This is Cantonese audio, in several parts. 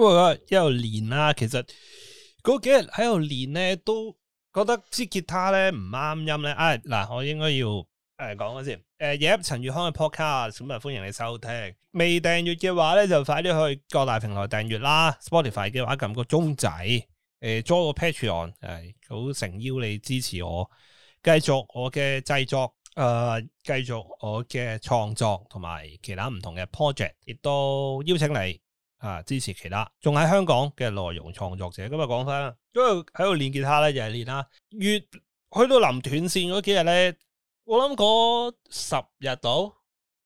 不過一路練啦，其實嗰幾日喺度練咧，都覺得支吉他咧唔啱音咧。哎，嗱，我應該要誒講、呃、下先。誒、呃，陳月康嘅 podcast，咁啊，歡迎你收聽。未訂閱嘅話咧，就快啲去各大平台訂閱啦。Spotify 嘅話，撳個鐘仔。誒 join 個 Patreon 誒、呃，好誠邀你支持我，繼續我嘅製作，誒、呃，繼續我嘅創作，同埋其他唔同嘅 project，亦都邀請你。啊！支持其他，仲喺香港嘅內容創作者。今日講翻，因為喺度練吉他咧，又係練啦。越去到臨斷線嗰幾日咧，我諗過十日到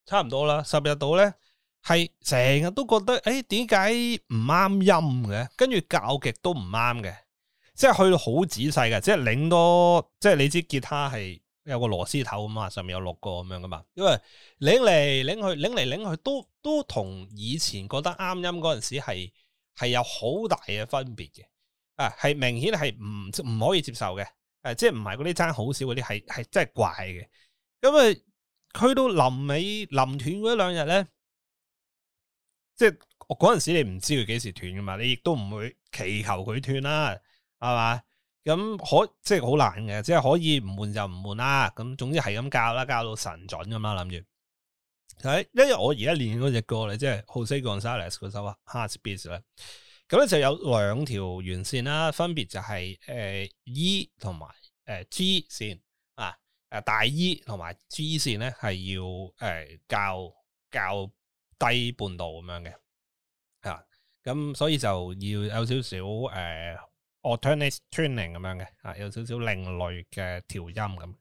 差唔多啦，十日到咧係成日都覺得，誒、欸，點解唔啱音嘅？跟住校極都唔啱嘅，即係去到好仔細嘅，即係擰多，即係你知吉他係。有個螺絲頭咁啊，上面有六個咁樣噶嘛，因為擰嚟擰去，擰嚟擰去都都同以前覺得啱音嗰陣時係係有好大嘅分別嘅啊，係明顯係唔唔可以接受嘅，誒、啊，即係唔係嗰啲爭好少嗰啲，係係真係怪嘅。因為去到臨尾臨斷嗰兩日咧，即係嗰陣時你唔知佢幾時斷噶嘛，你亦都唔會祈求佢斷啦，係嘛？咁可即係好難嘅，即係可以唔換就唔換啦。咁總之係咁較啦，較到神準咁啦，諗住。喺因為我而家練嗰隻歌咧，即係 Jose Gonzalez 嗰首《Heartbeat》咧，咁咧就有兩條弦線啦，分別就係、是、誒、呃、E 同埋誒 G 線啊，誒大 E 同埋 G 線咧係要誒較較低半度咁樣嘅。吓，咁所以就要有少少誒。呃 alternate tuning 咁樣嘅，啊有少少另類嘅調音咁，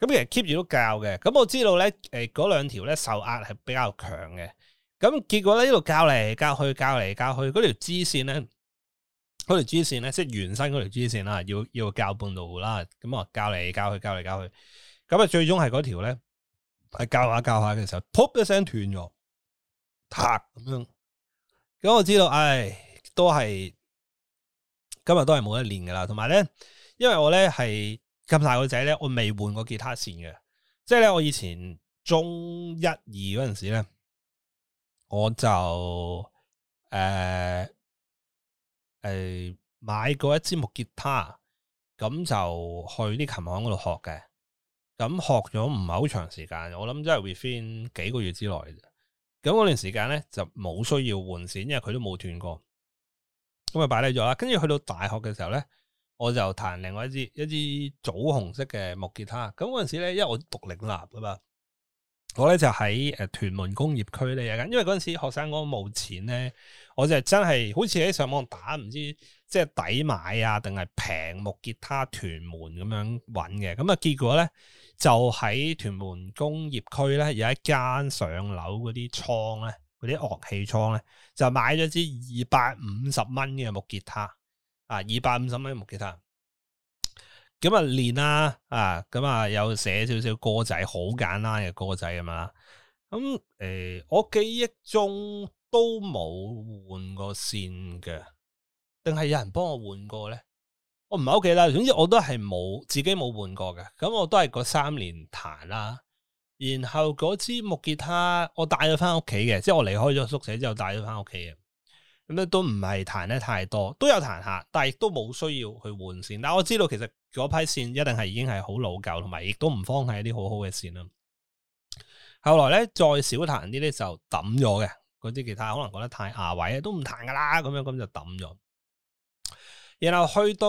咁其實 keep 住都教嘅，咁我知道咧，誒嗰兩條咧受壓係比較強嘅，咁結果咧呢度教嚟教去，教嚟教去，嗰條支線咧，嗰條支線咧即係原生嗰條支線啦，要要教半路啦，咁啊教嚟教去教嚟教去，咁啊最終係嗰條咧係教下教下嘅時候，pop 一聲斷咗，塌咁樣，咁我知道，唉，都係。今日都係冇得練噶啦，同埋咧，因為我咧係咁大個仔咧，我未換過吉他線嘅，即係咧我以前中一二嗰陣時咧，我就誒誒、呃呃、買過一支木吉他，咁就去啲琴行嗰度學嘅，咁學咗唔係好長時間，我諗即係 within 幾個月之內，咁嗰段時間咧就冇需要換線，因為佢都冇斷過。咁啊，擺低咗啦。跟住去到大學嘅時候咧，我就彈另外一支一支棗紅色嘅木吉他。咁嗰陣時咧，因為我讀嶺南噶嘛，我咧就喺誒屯門工業區咧有間，因為嗰陣時學生哥冇錢咧，我就真係好似喺上網打唔知即係抵買啊，定係平木吉他屯門咁樣揾嘅。咁啊，結果咧就喺屯門工業區咧有一間上樓嗰啲倉咧。啲樂器倉咧就買咗支二百五十蚊嘅木吉他啊，二百五十蚊木吉他，咁啊練啦啊，咁啊有寫少少歌仔，好簡單嘅歌仔咁樣啦。咁誒、欸，我記憶中都冇換過線嘅，定係有人幫我換過咧？我唔喺屋企啦，總之我都係冇自己冇換過嘅。咁我都係嗰三年彈啦。然後嗰支木吉他，我帶咗翻屋企嘅，即係我離開咗宿舍之後帶咗翻屋企嘅。咁咧都唔係彈得太多，都有彈下，但係亦都冇需要去換綫。但係我知道其實嗰批綫一定係已經係好老舊，同埋亦都唔方係一啲好好嘅綫啦。後來咧再少彈啲咧就抌咗嘅，嗰支吉他可能覺得太下位都唔彈噶啦，咁樣咁就抌咗。然後去到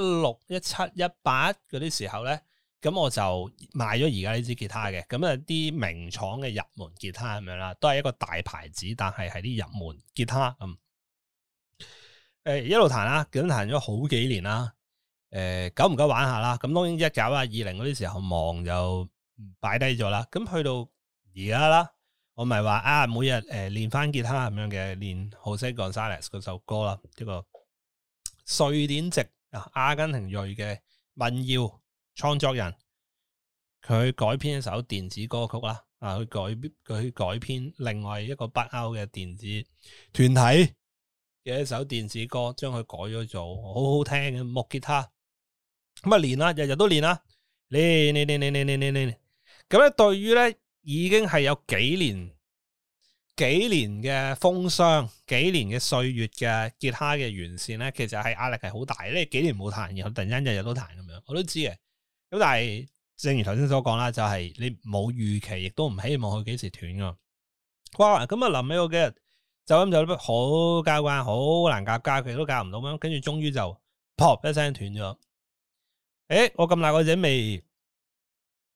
一六一七一八嗰啲時候咧。咁我就買咗而家呢支吉他嘅，咁啊啲名廠嘅入門吉他咁樣啦，都係一個大牌子，但係係啲入門吉他咁。誒、嗯呃，一路彈啦，咁彈咗好幾年啦。誒、呃，久唔久玩下啦？咁東京一九啊，二零嗰啲時候忙就擺低咗啦。咁去到而家啦，我咪話啊，每日誒練翻吉他咁樣嘅，練《José González》嗰首歌啦，呢、這個瑞典籍啊阿根廷裔嘅民謠創作人佢改編一首電子歌曲啦，啊，佢改佢改編另外一個北歐嘅電子團體嘅一首電子歌，將佢改咗做好好聽嘅木吉他。咁啊練啦，日日都練啦，練練練練練練練。咁咧，對於咧已經係有幾年幾年嘅風霜，幾年嘅歲月嘅吉他嘅完善咧，其實係壓力係好大。呢幾年冇彈，然後突然間日日都彈咁樣，我都知嘅。咁但係，正如頭先所講啦，就係你冇預期，亦都唔希望佢幾時斷㗎。哇！咁、欸、啊，臨尾嗰幾日就咁就好教慣，好難夾 key，佢都夾唔到咁樣。跟住終於就 pop 一聲斷咗。誒，我咁大個仔未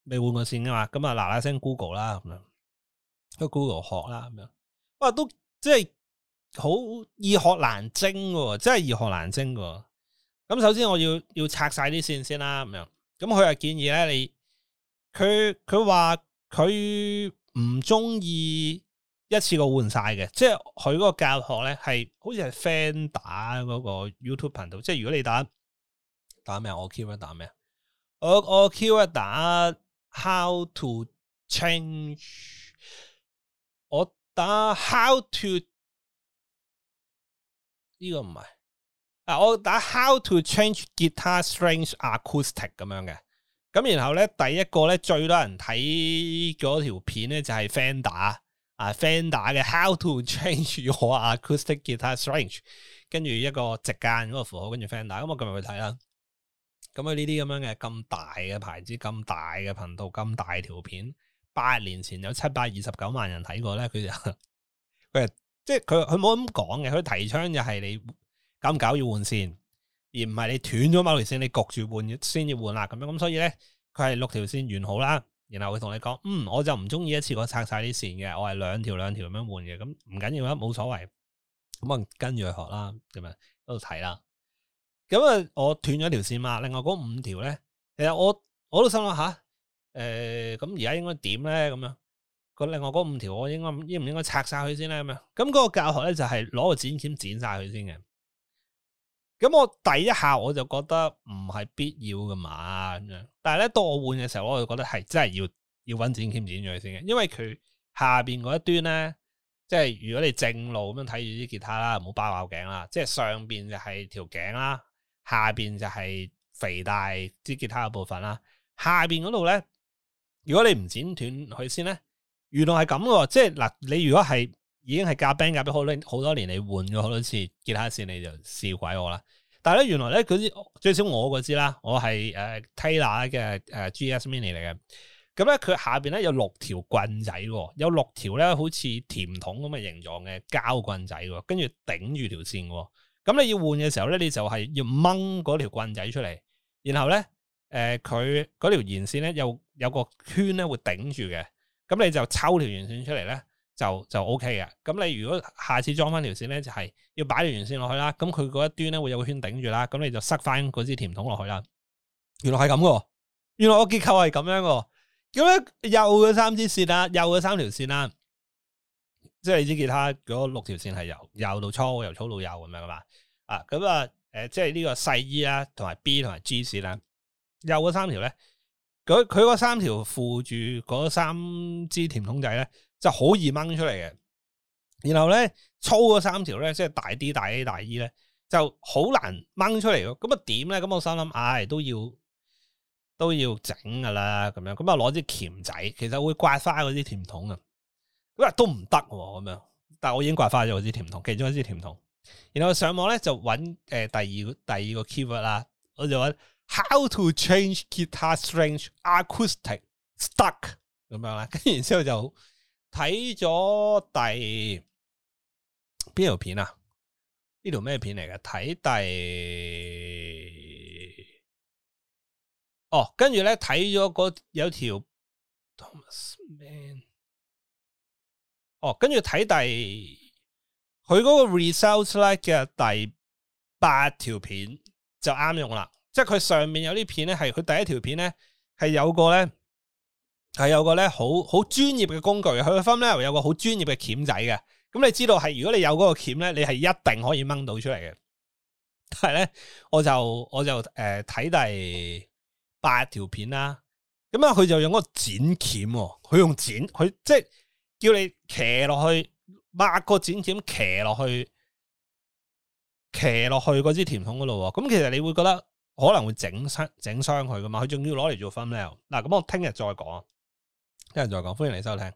未換過線㗎嘛？咁啊，嗱嗱聲 Google 啦咁樣，Google 學啦咁樣。哇，都即係好易學難精噶，即係易學難精噶。咁首先我要要拆晒啲線先啦，咁樣。咁佢又建議咧，你，佢佢話佢唔中意一次過換晒嘅，即係佢嗰個教學咧係好似係 fan 打嗰個 YouTube 頻道，即係如果你打打咩，我 Q 一打咩，我我 Q 一打 How to change，我打 How to 呢個唔係。啊！我打 How to change guitar strings acoustic 咁樣嘅，咁然後咧第一個咧最多人睇嗰條片咧就係、是、Fender 啊，Fender 嘅 How to change your acoustic guitar strings 跟住一個直間嗰個符號，跟住 Fender，咁、嗯、我今日去睇啦。咁啊呢啲咁樣嘅咁大嘅牌子，咁大嘅頻道，咁大條片，八年前有七百二十九萬人睇過咧，佢就佢即係佢佢冇咁講嘅，佢提倡就係你。咁搞要換線，而唔係你斷咗某條線，你焗住換先要換啦。咁樣咁所以咧，佢係六條線完好啦，然後佢同你講，嗯，我就唔中意一次過拆晒啲線嘅，我係兩條兩條咁樣換嘅，咁唔緊要啦，冇所謂，咁啊跟住去學啦，咁樣喺度睇啦。咁啊，我斷咗條線嘛，另外嗰五條咧，其實我我都心諗下誒，咁而家應該點咧？咁樣個另外嗰五條，我應該應唔應該拆晒佢先咧？咁樣咁嗰個教學咧就係攞個剪鉗剪晒佢先嘅。咁我第一下我就覺得唔係必要㗎嘛，咁樣但係咧，到我換嘅時候，我就覺得係真係要要揾剪鉗剪咗佢先嘅，因為佢下面嗰一端咧，即係如果你正路咁樣睇住啲吉他啦，唔好包咬頸啦，即係上面就係條頸啦，下面就係肥大啲吉他嘅部分啦，下面嗰度咧，如果你唔剪斷佢先咧，原來係咁喎。即係嗱，你如果係。已經係夾 band 夾咗好多年，好多年你換咗好多次，吉他線，你就笑鬼我啦。但係咧，原來咧佢最少我嗰支啦，我係誒 Taylor 嘅誒 GS Mini 嚟嘅。咁咧佢下邊咧有六條棍仔，有六條咧好似甜筒咁嘅形狀嘅膠棍仔，跟住頂住條線。咁、嗯、你要換嘅時候咧，你就係要掹嗰條棍仔出嚟，然後咧誒佢嗰條弦線咧有有個圈咧會頂住嘅，咁、嗯、你就抽條弦線出嚟咧。就就 OK 嘅，咁你如果下次裝翻條線咧，就係、是、要擺完線落去啦，咁佢嗰一端咧會有個圈頂住啦，咁你就塞翻嗰支甜筒落去啦。原來係咁嘅，原來個結構係咁樣嘅，咁咧幼嘅三支線啦，幼嘅三條線啦，即係你知結他嗰六條線係由幼，幼到粗，由粗到幼咁樣噶嘛，啊，咁啊，誒，即係呢個細 E 啦，同埋 B 同埋 G 線啦，幼嘅三條咧，佢佢嗰三條附住嗰三支甜筒仔咧。就好易掹出嚟嘅，然後咧粗嗰三條咧，即係大 D，大 D，大 D，大 D、大 A、大 E 咧，就好難掹出嚟喎。咁啊點咧？咁我心諗，唉、哎，都要都要整噶啦，咁樣咁啊攞支鉗仔，其實會刮花嗰啲甜筒啊。喂，都唔得咁樣，但我已經刮花咗嗰支甜筒，其中一支甜筒。然後上網咧就揾誒第二第二個 keyword 啦，我就揾 how to change guitar strings acoustic stuck 咁樣啦，跟住然之後就。睇咗第邊條片啊？呢條咩片嚟嘅？睇第哦，跟住咧睇咗嗰有條 Thomas Man 哦，跟住睇第佢嗰個 results 咧嘅第八條片就啱用啦，即係佢上面有啲片咧，係佢第一條片咧係有個咧。係有個咧，好好專業嘅工具，佢個 file 有個好專業嘅鉗仔嘅。咁、嗯、你知道係如果你有嗰個鉗咧，你係一定可以掹到出嚟嘅。但係咧，我就我就誒睇、呃、第八條片啦。咁、嗯、啊，佢就用嗰個剪鉗，喔，佢用剪，佢即係叫你騎落去，八個剪鉗騎落去，騎落去嗰支甜筒嗰度。咁、嗯、其實你會覺得可能會整傷、整傷佢噶嘛？佢仲要攞嚟做 file。嗱、啊、咁、嗯、我聽日再講。聽日再講，歡迎嚟收聽。